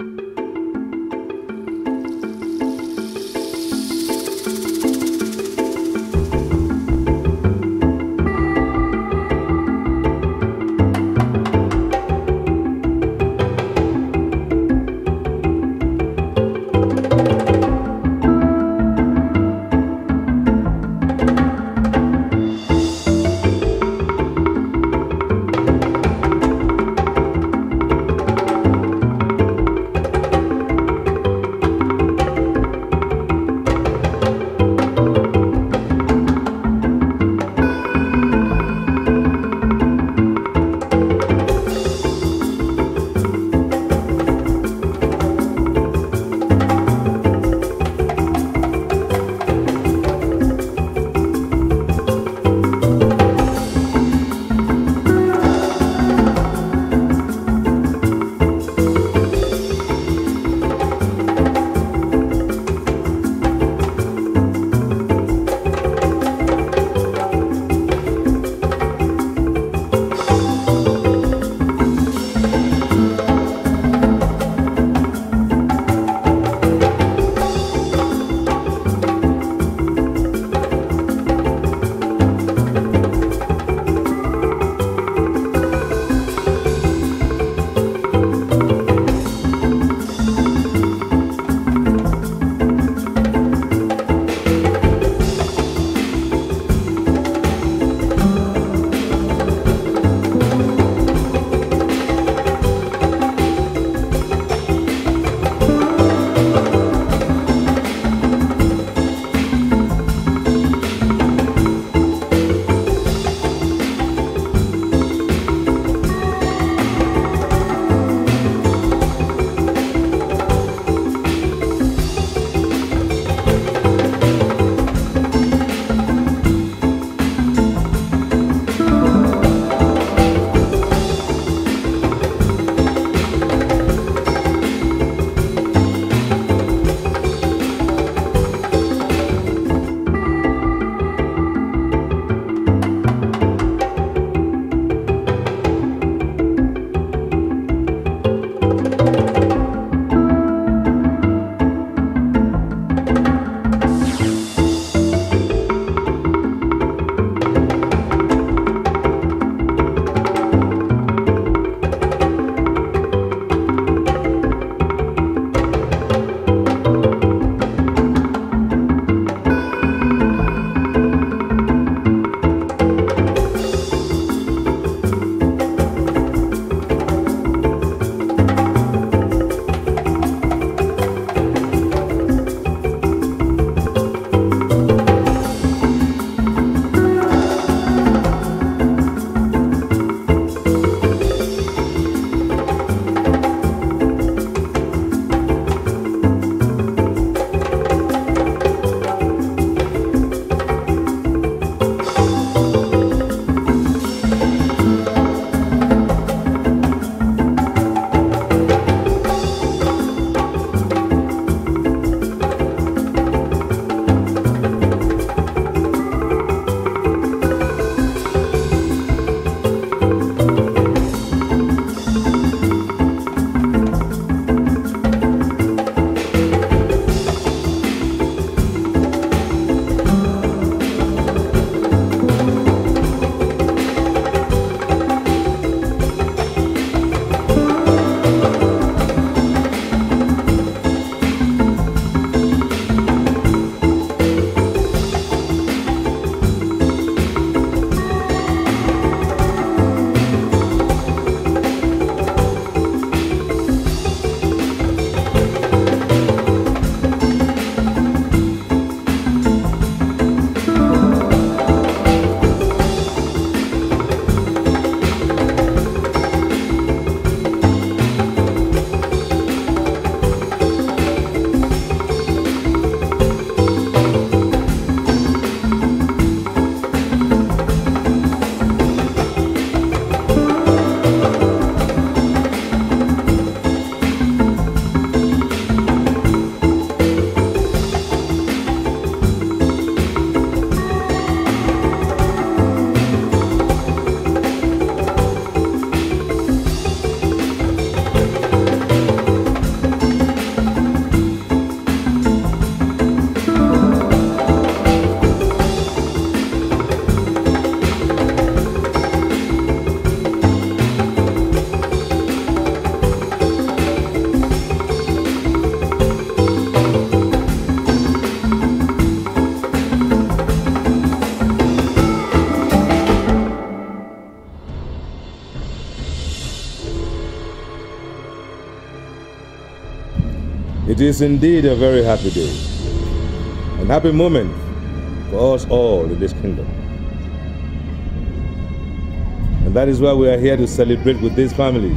Thank you. is indeed a very happy day and happy moment for us all in this kingdom. And that is why we are here to celebrate with these families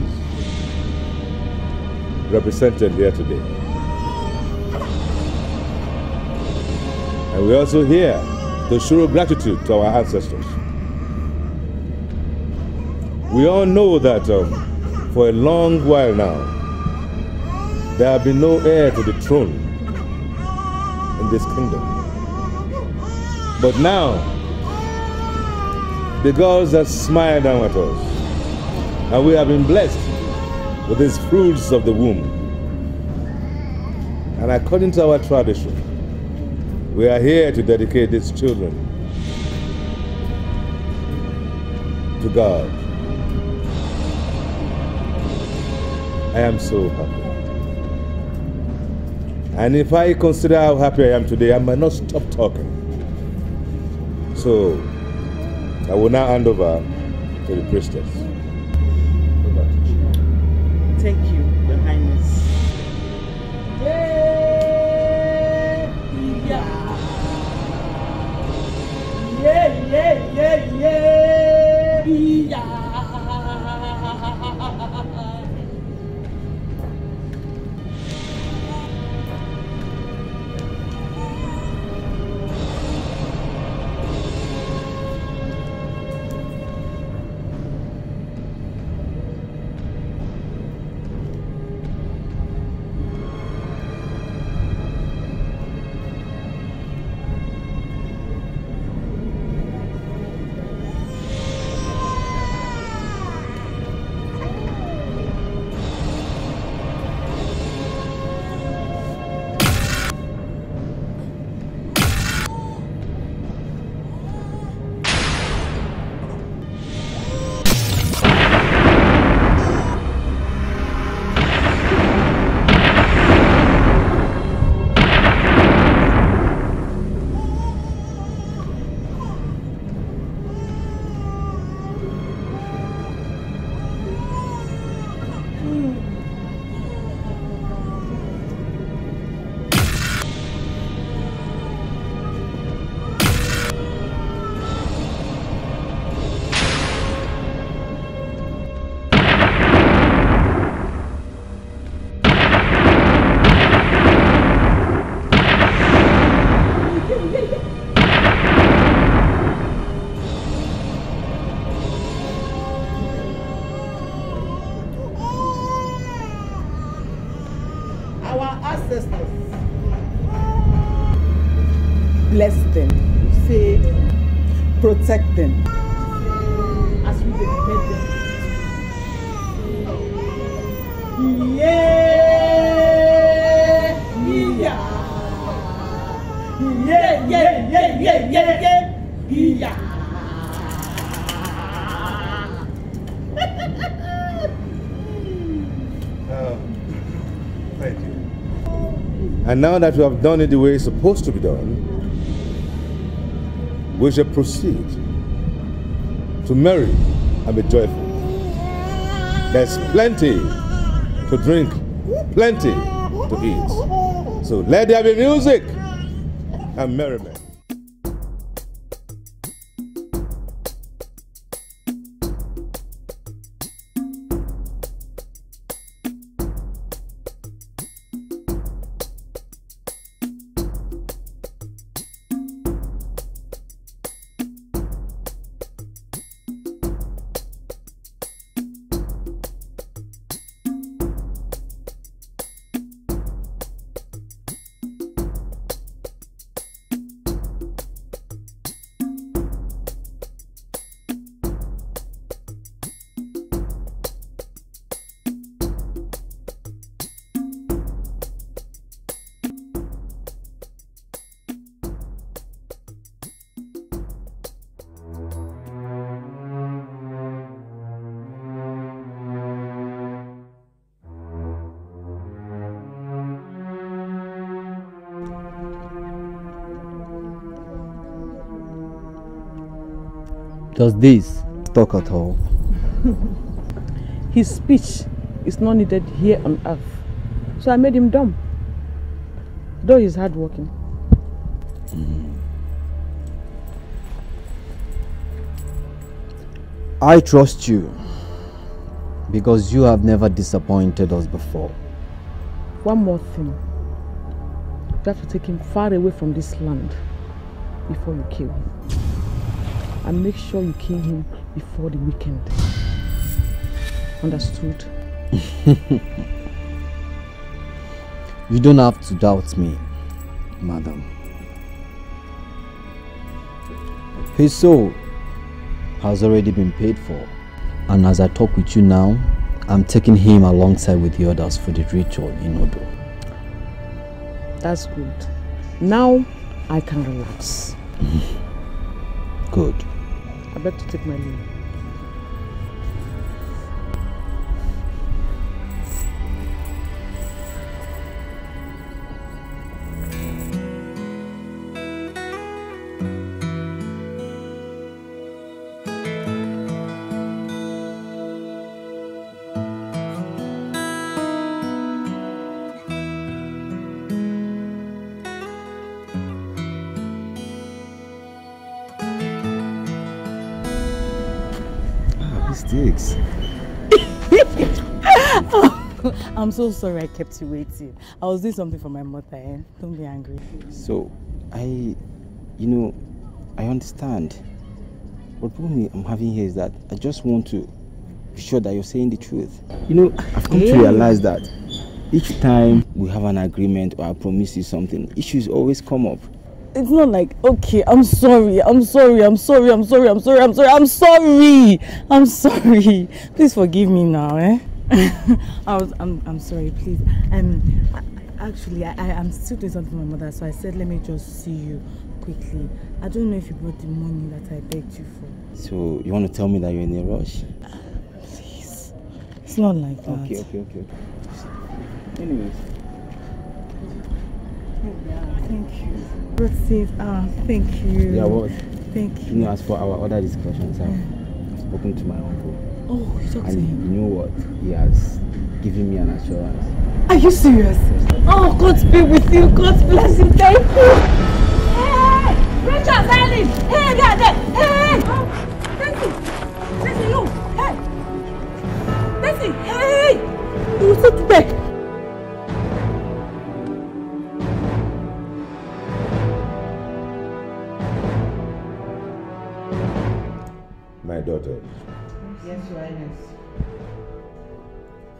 represented here today. And we're also here to show gratitude to our ancestors. We all know that um, for a long while now, there will been no heir to the throne in this kingdom. But now, the gods have smiled down at us, and we have been blessed with these fruits of the womb. And according to our tradition, we are here to dedicate these children to God. I am so happy. And if I consider how happy I am today, I might not stop talking. So, I will now hand over to the priestess. Thank you, Your Highness. Yeah, yeah, yeah, yeah, yeah. protect them as we them. Yeah, yeah, yeah, yeah, yeah, yeah, yeah, yeah. Um, and now that we have done it the way it's supposed to be done, we shall proceed to marry and be joyful. There's plenty to drink, plenty to eat. So let there be music and merriment. does this talk at all? His speech is not needed here on earth. So I made him dumb. Though he's hardworking. Mm. I trust you because you have never disappointed us before. One more thing. You have to take him far away from this land before you kill him and make sure you kill him before the weekend. Understood? you don't have to doubt me, madam. His soul has already been paid for. And as I talk with you now, I'm taking him alongside with the others for the ritual in Odo. That's good. Now I can relax. Good. I like to take my leave. I'm so sorry I kept you waiting. I was doing something for my mother, eh? Don't be angry. So, I, you know, I understand. But the problem I'm having here is that I just want to be sure that you're saying the truth. You know, I've come yeah. to eh? realize that each time we have an agreement or I promise you something, issues always come up. It's not like, okay, I'm sorry, I'm sorry, I'm sorry, I'm sorry, I'm sorry, I'm sorry, I'm sorry, I'm sorry. Please forgive me now, eh? I was, I'm, I'm sorry, please. Um, actually, I, I, am still doing something for my mother, so I said, let me just see you quickly. I don't know if you brought the money that I begged you for. So, you want to tell me that you're in a rush? Uh, please. It's not like that. Okay, okay, okay. Anyways. Thank you. Received. Ah, thank you. Yeah, what? thank you. You know, as for our other discussions, I've spoken to my uncle. Oh, you talked and to him. You know what? He has given me an assurance. Are you serious? Oh, God be with you. God bless you. Thank you. Hey, Richard darling. Hey, there, there. Hey. Oh, Bessie. Bessie, you. Hey. Bessie, hey. You sit back. My daughter, Yes, Your Highness.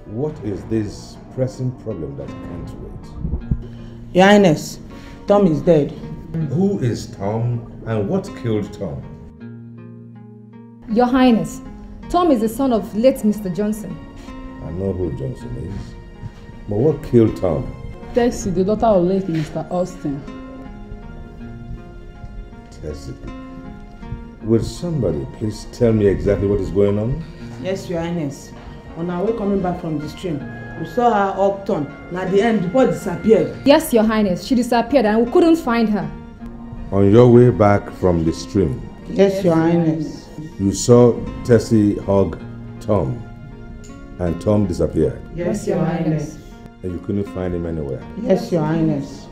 What is this pressing problem that can't wait? Your Highness, Tom is dead. Who is Tom and what killed Tom? Your Highness, Tom is the son of late Mr. Johnson. I know who Johnson is. But what killed Tom? Tessie, the daughter of late Mr. Austin. Tessie. Will somebody please tell me exactly what is going on? Yes, Your Highness. On our way coming back from the stream, we saw her hug Tom. at the end, the boy disappeared. Yes, Your Highness, she disappeared and we couldn't find her. On your way back from the stream? Yes, yes Your Highness. You saw Tessie hug Tom, and Tom disappeared? Yes, Your Highness. And you couldn't find him anywhere? Yes, Your Highness.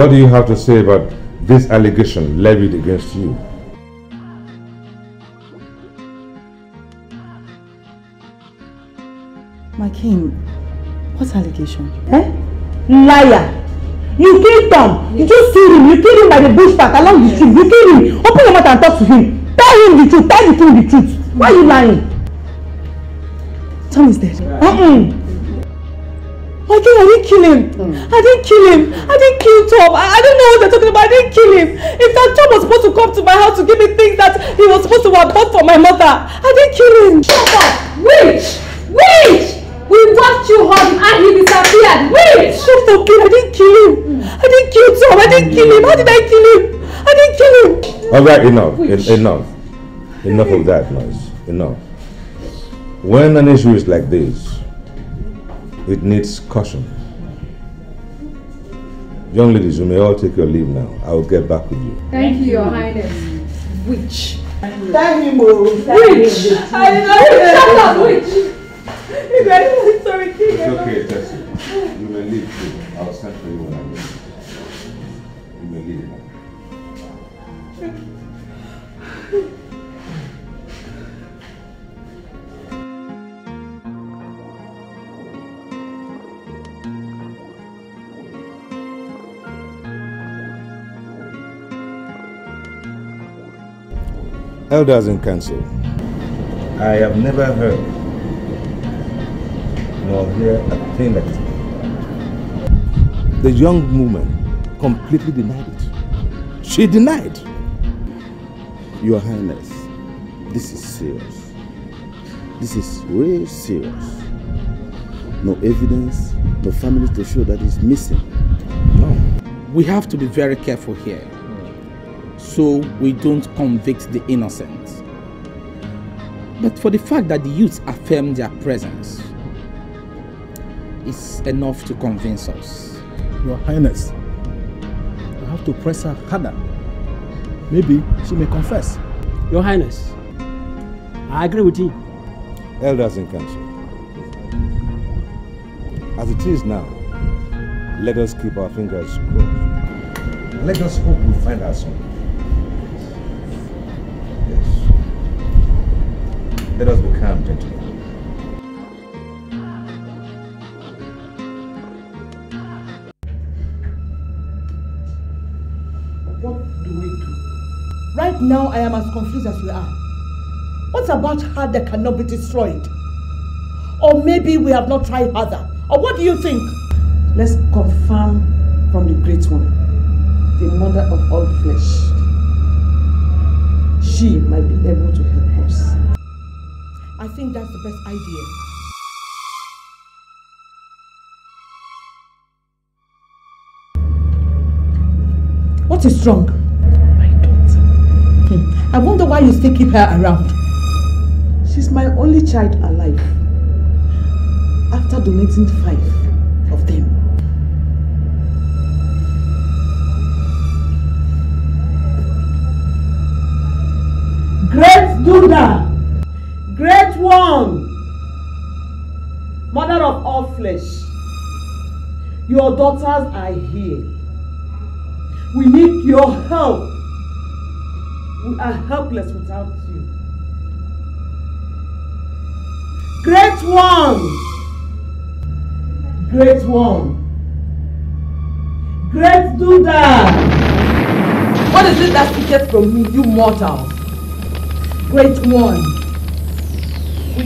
What do you have to say about this allegation levied against you? My king, what allegation? Eh? Liar! You killed Tom! You just see him! You killed him by the bush back along the street! You killed him! Open your mouth and talk to him! Tell him the truth! Tell the king the truth! Why are you lying? Tom is dead. Uh-uh! Again, I didn't kill him. Mm. I didn't kill him. I didn't kill Tom. I, I don't know what they're talking about. I didn't kill him. In fact, Tom was supposed to come to my house to give me things that he was supposed to have bought for my mother. I didn't kill him. Shut up! Witch! Witch! We watched you home and he disappeared. Witch! Shut up, I didn't kill him. I didn't kill Tom. I didn't kill him. How did I kill him? I didn't kill him. All right, enough. En enough. Enough of that noise. Enough. When an issue is like this, It needs caution. Young ladies, you may all take your leave now. I will get back with you. Thank, you, Your Highness. Witch. Thank you, Moro. Witch. I love you. Shut up, witch. Sorry, King. It's okay, You may leave too. I'll send for you when I get You may leave. Elders in Council. I have never heard nor hear a thing like The young woman completely denied it. She denied. Your Highness, this is serious. This is real serious. No evidence, no family to show that is missing. No. We have to be very careful here so we don't convict the innocent. But for the fact that the youths affirm their presence, it's enough to convince us. Your Highness, I have to press her harder. Maybe she may confess. Your Highness, I agree with you. Elders in Council, as it is now, let us keep our fingers crossed. Let us hope we find her soon. Let us become gentlemen. What do we do? Right now, I am as confused as you are. What about her that cannot be destroyed? Or maybe we have not tried harder. Or what do you think? Let's confirm from the Great One, the mother of all flesh. She might be able to help. I think that's the best idea. What is wrong? My daughter. Hmm. I wonder why you still keep her around. She's my only child alive. After donating five of them. Great Duda! great one mother of all flesh your daughters are here we need your help we are helpless without you great one great one great duda. what is it that you get from me you mortals great one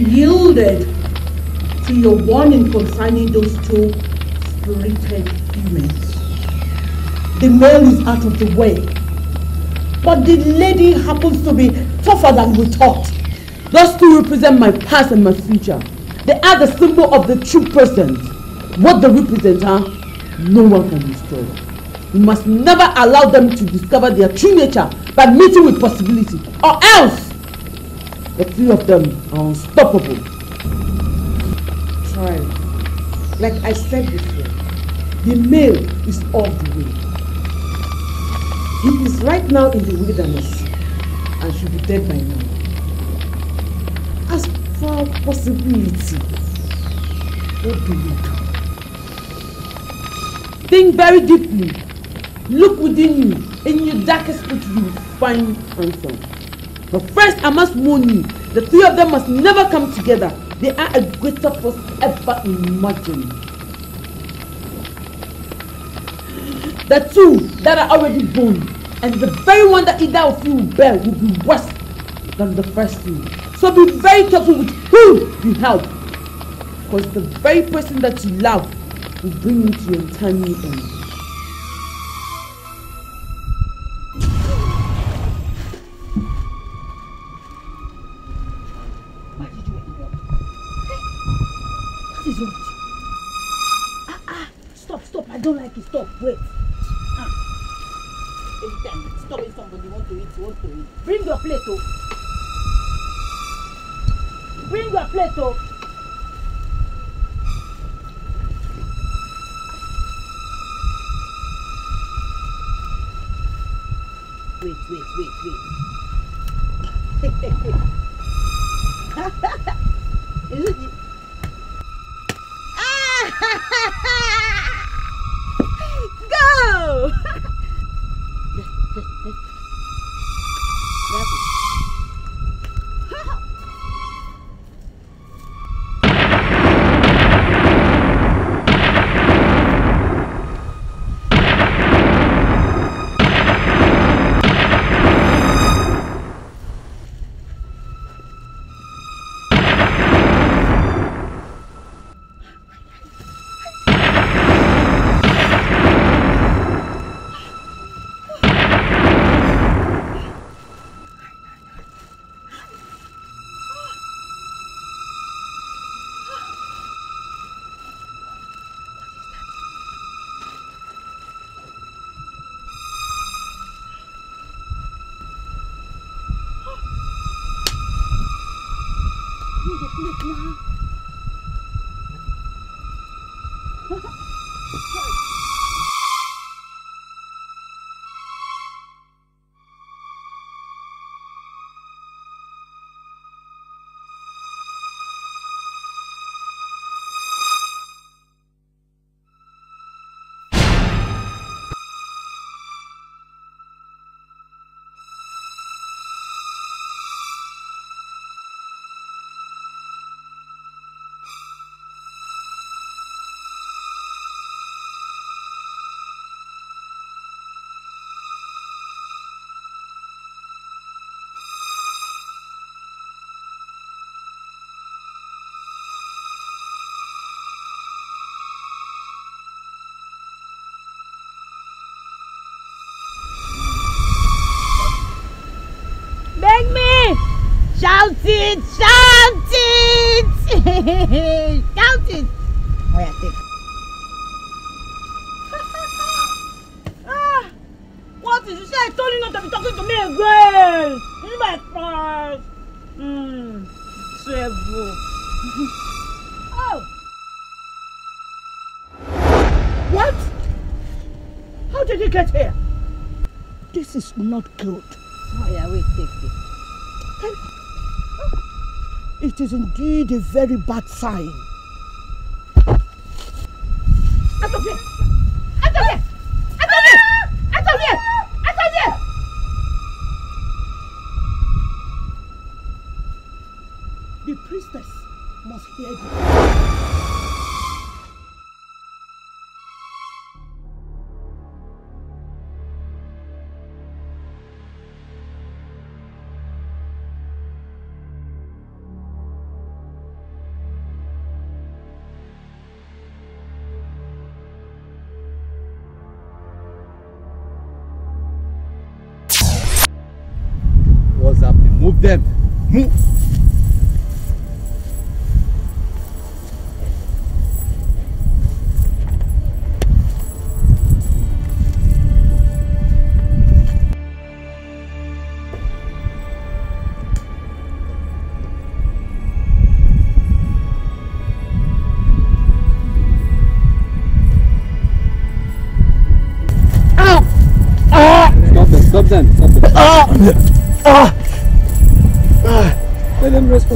yielded to your warning concerning those two spirited humans. The male is out of the way, but the lady happens to be tougher than we thought. Those two represent my past and my future. They are the symbol of the true present. What they represent are, no one can destroy. We must never allow them to discover their true nature by meeting with possibility, or else the three of them are unstoppable. Try. Like I said before, the male is off the way. He is right now in the wilderness and should be dead by now. As for possibility, what do you do? Think very deeply. Look within you. In your darkest pit, you find answers. But first, I must warn you, the three of them must never come together. They are a greater force ever imagined. The two that are already born, and the very one that either of you will bear will be worse than the first two. So be very careful with who you help. Because the very person that you love will bring you to your tiny end. sweet, sweet. Hehehehe see a very bad sign 你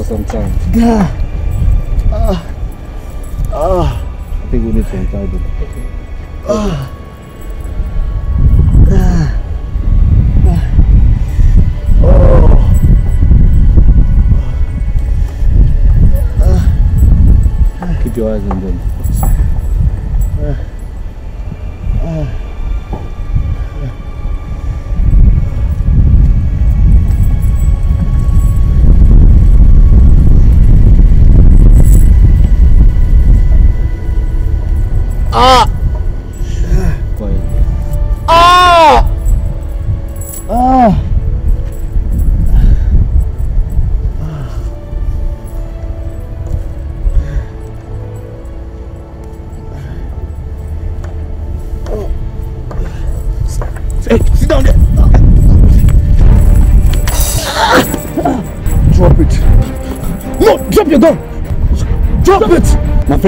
for some time. Ah. Ah. I think we need some time. Okay. Ah. Keep your eyes on them.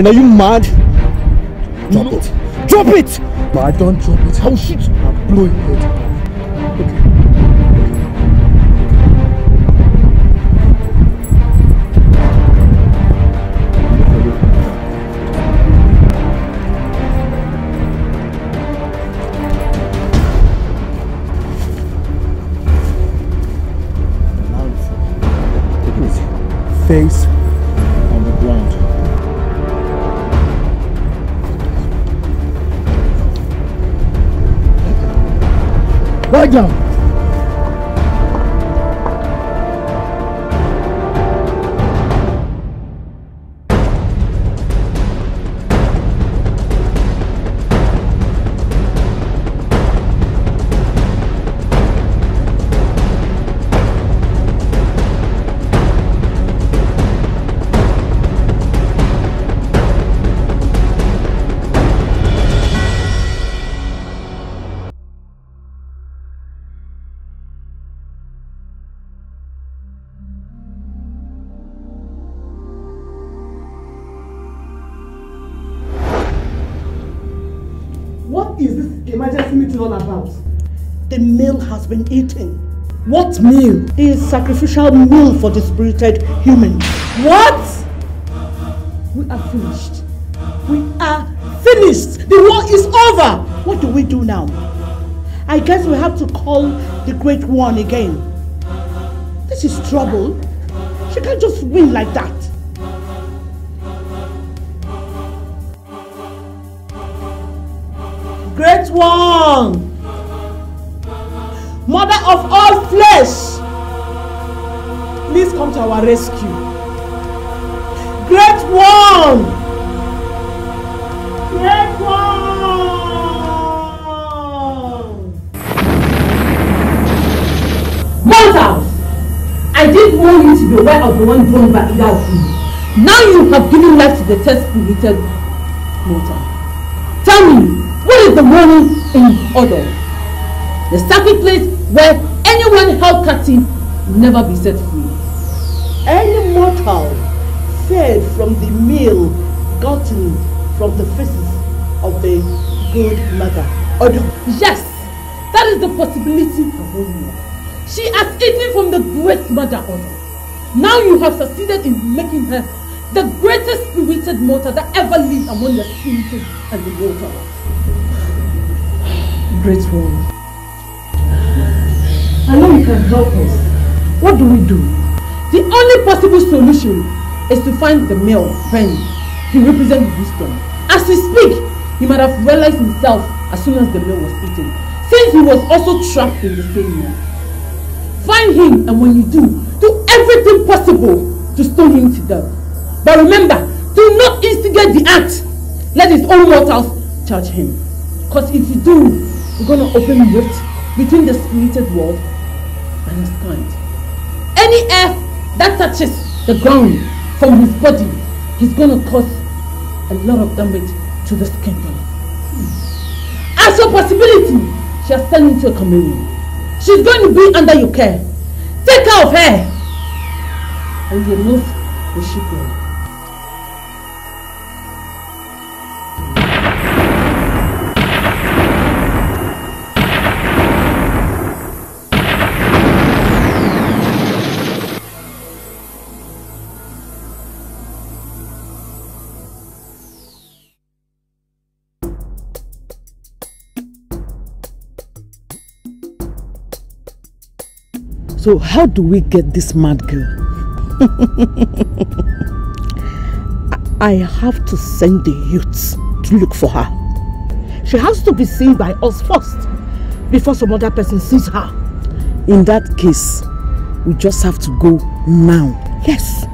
Are you mad? Drop no. it. Drop it! But I don't drop it. How? Oh, shit? shoot. I'm blowing it. Okay. face Vai, John. meal. is sacrificial meal for dispirited human. What? We are finished. We are finished. The war is over. What do we do now? I guess we have to call the Great One again. This is trouble. She can't just win like that. Great One! mother of all flesh, please come to our rescue. Great one! Great one! Mortal! I did warn you to be aware of the one drawn by either of Now you have given life to the test-spirited mortal. Tell me, what is the warning in order? The sacred place where anyone held captive will never be set free. Any mortal fed from the meal gotten from the faces of the good mother. Odo. Yes, that is the possibility of Odo. She has eaten from the great mother Odo. Now you have succeeded in making her the greatest spirited mortal that ever lived among the spirited and the mortal. Great one. Alone can help us. What do we do? The only possible solution is to find the male friend. He represents wisdom. As he speak, he might have realized himself as soon as the male was eaten, since he was also trapped in the same room. Find him, and when you do, do everything possible to stone him to death. But remember, do not instigate the act. Let his own mortals charge him. Because if you do, we're going to open a rift between the spirited world Understand? Any air that touches the ground from his body, he's gonna cause a lot of damage to the skin Hmm. As a possibility, she has turned into a chameleon. She's going to be under your care. Take care of her. And your nose will shoot her. So how do we get this mad girl? I have to send the youths to look for her. She has to be seen by us first before some other person sees her. In that case, we just have to go now. Yes.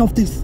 auf das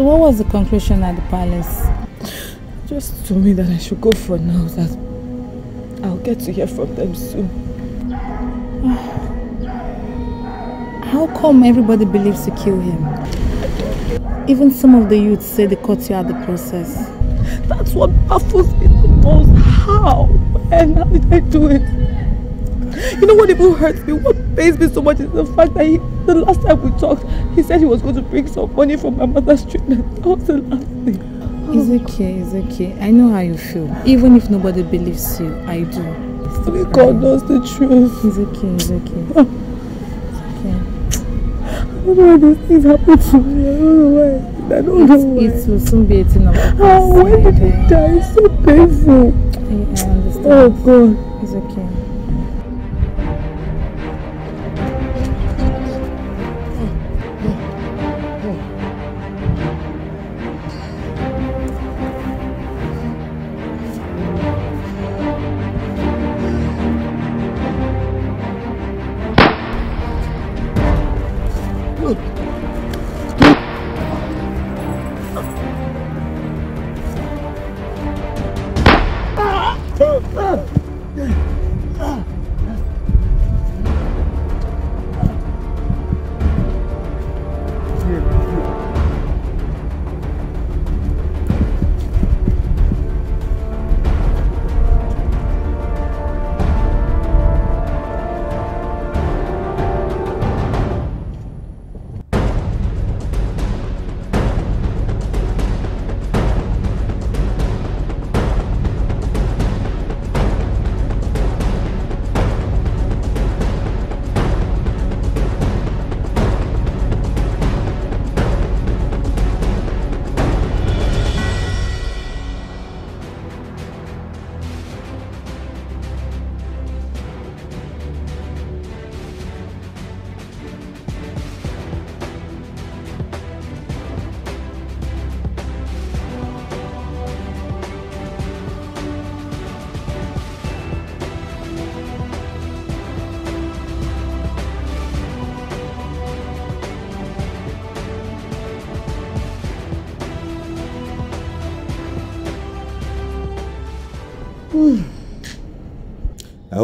So what was the conclusion at the palace? Just told me that I should go for now, that I'll get to hear from them soon. How come everybody believes to kill him? Even some of the youths say they caught you at the process. That's what baffles me the most. How? And how did I do it? You know what even hurts me? What pains me so much is the fact that he, the last time we talked, he said he was going to bring some money for my mother's treatment. That was the last thing. It's okay, it's okay. I know how you feel. Even if nobody believes you, I do. Only God knows the truth. It's okay, it's okay. it's ah. okay. I don't know why these things happen to me. I don't know why. I don't it's, know why. It will soon be eating up. Ah, oh, when did he die? It's so painful. Yeah, I understand. Oh, God. It's okay.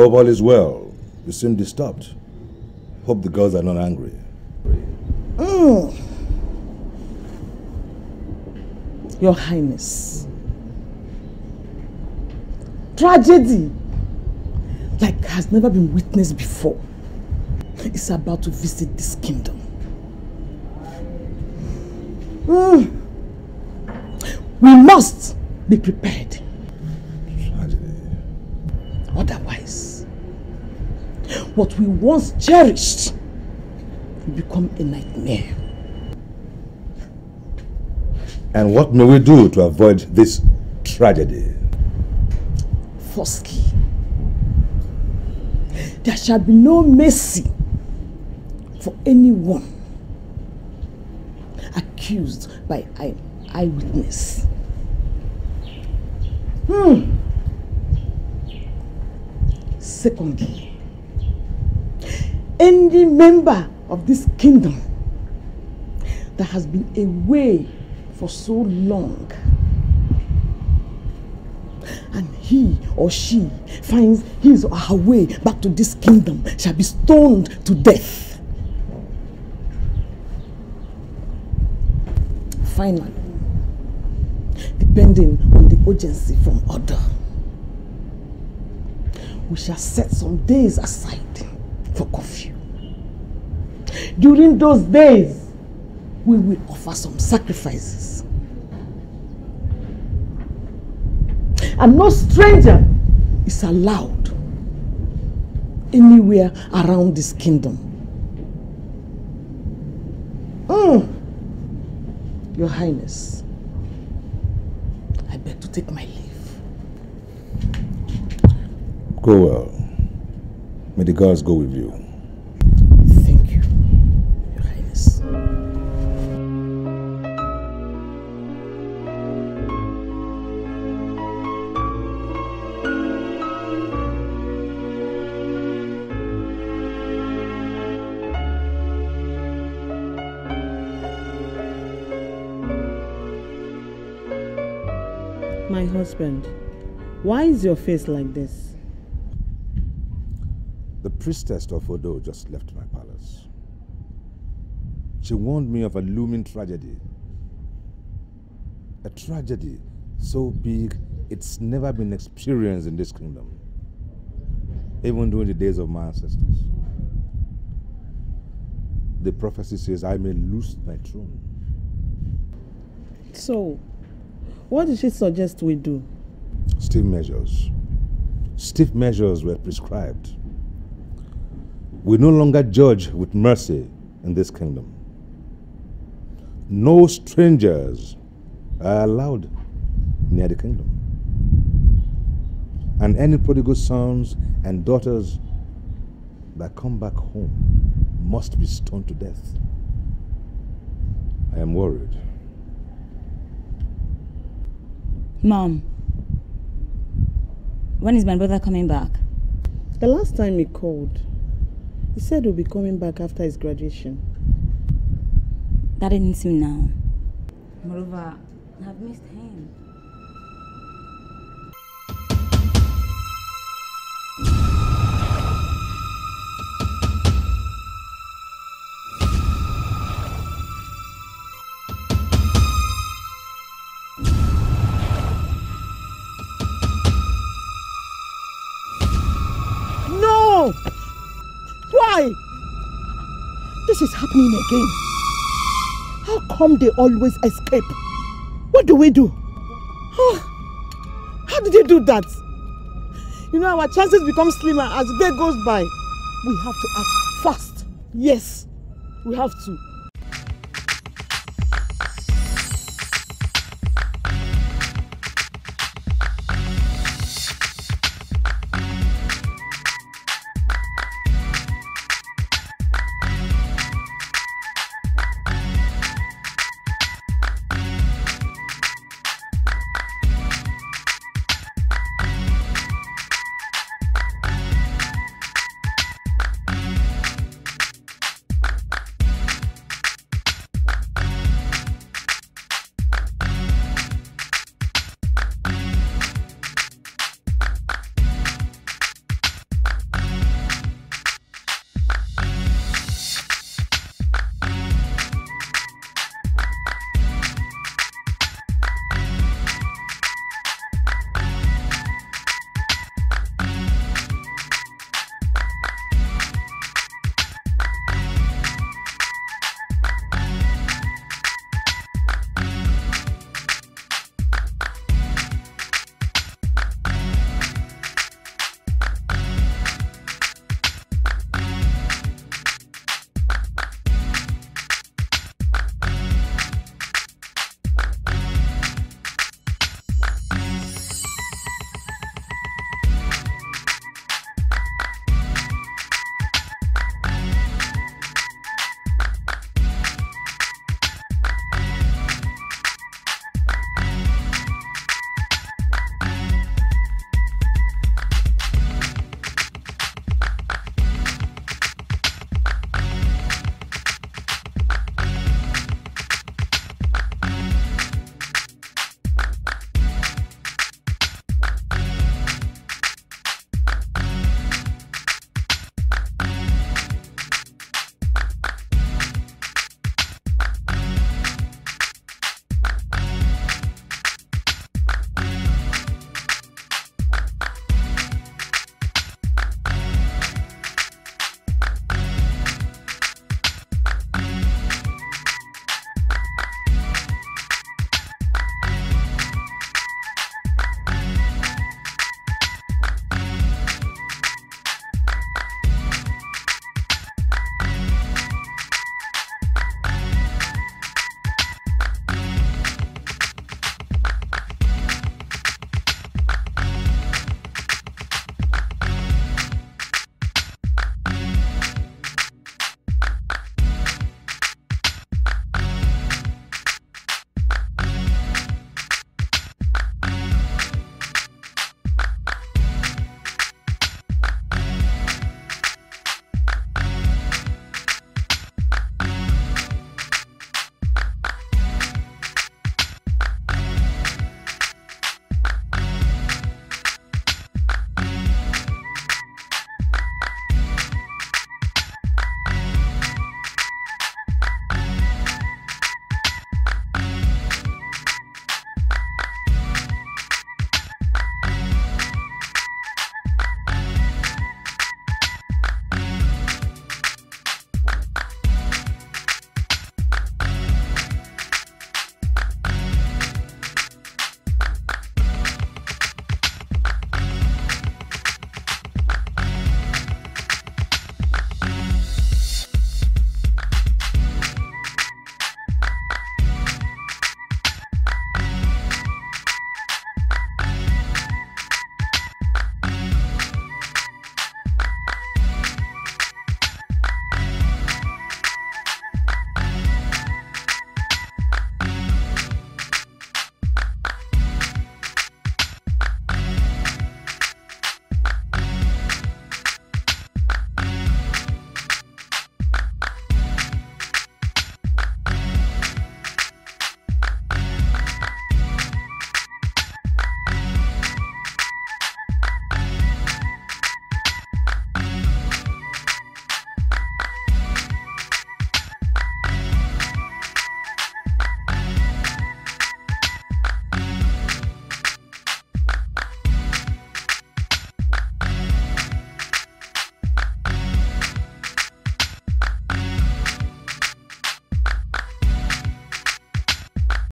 Hope all is well. You seem disturbed. Hope the girls are not angry. Mm. Your Highness. Tragedy like has never been witnessed before is about to visit this kingdom. Mm. We must be prepared. what we once cherished become a nightmare. And what may we do to avoid this tragedy? Firstly, there shall be no mercy for anyone accused by an eyewitness. Hmm. Secondly, any member of this kingdom that has been away for so long and he or she finds his or her way back to this kingdom shall be stoned to death. Finally, depending on the urgency from order, we shall set some days aside for coffee. During those days, we will offer some sacrifices. And no stranger is allowed anywhere around this kingdom. Mm. Your Highness, I beg to take my leave. Go well. May the gods go with you. Thank you, Your Highness. My husband, why is your face like this? priestess of Odo just left my palace. She warned me of a looming tragedy. A tragedy so big it's never been experienced in this kingdom, even during the days of my ancestors. The prophecy says, I may lose my throne. So, what did she suggest we do? Stiff measures. Stiff measures were prescribed. We no longer judge with mercy in this kingdom. No strangers are allowed near the kingdom. And any prodigal sons and daughters that come back home must be stoned to death. I am worried. Mom, when is my brother coming back? The last time he called, he said he'll be coming back after his graduation. didn't him now. Moreover, I've missed him. happening again? How come they always escape? What do we do? Oh, how did they do that? You know, our chances become slimmer as the day goes by. We have to act fast. Yes, we have to.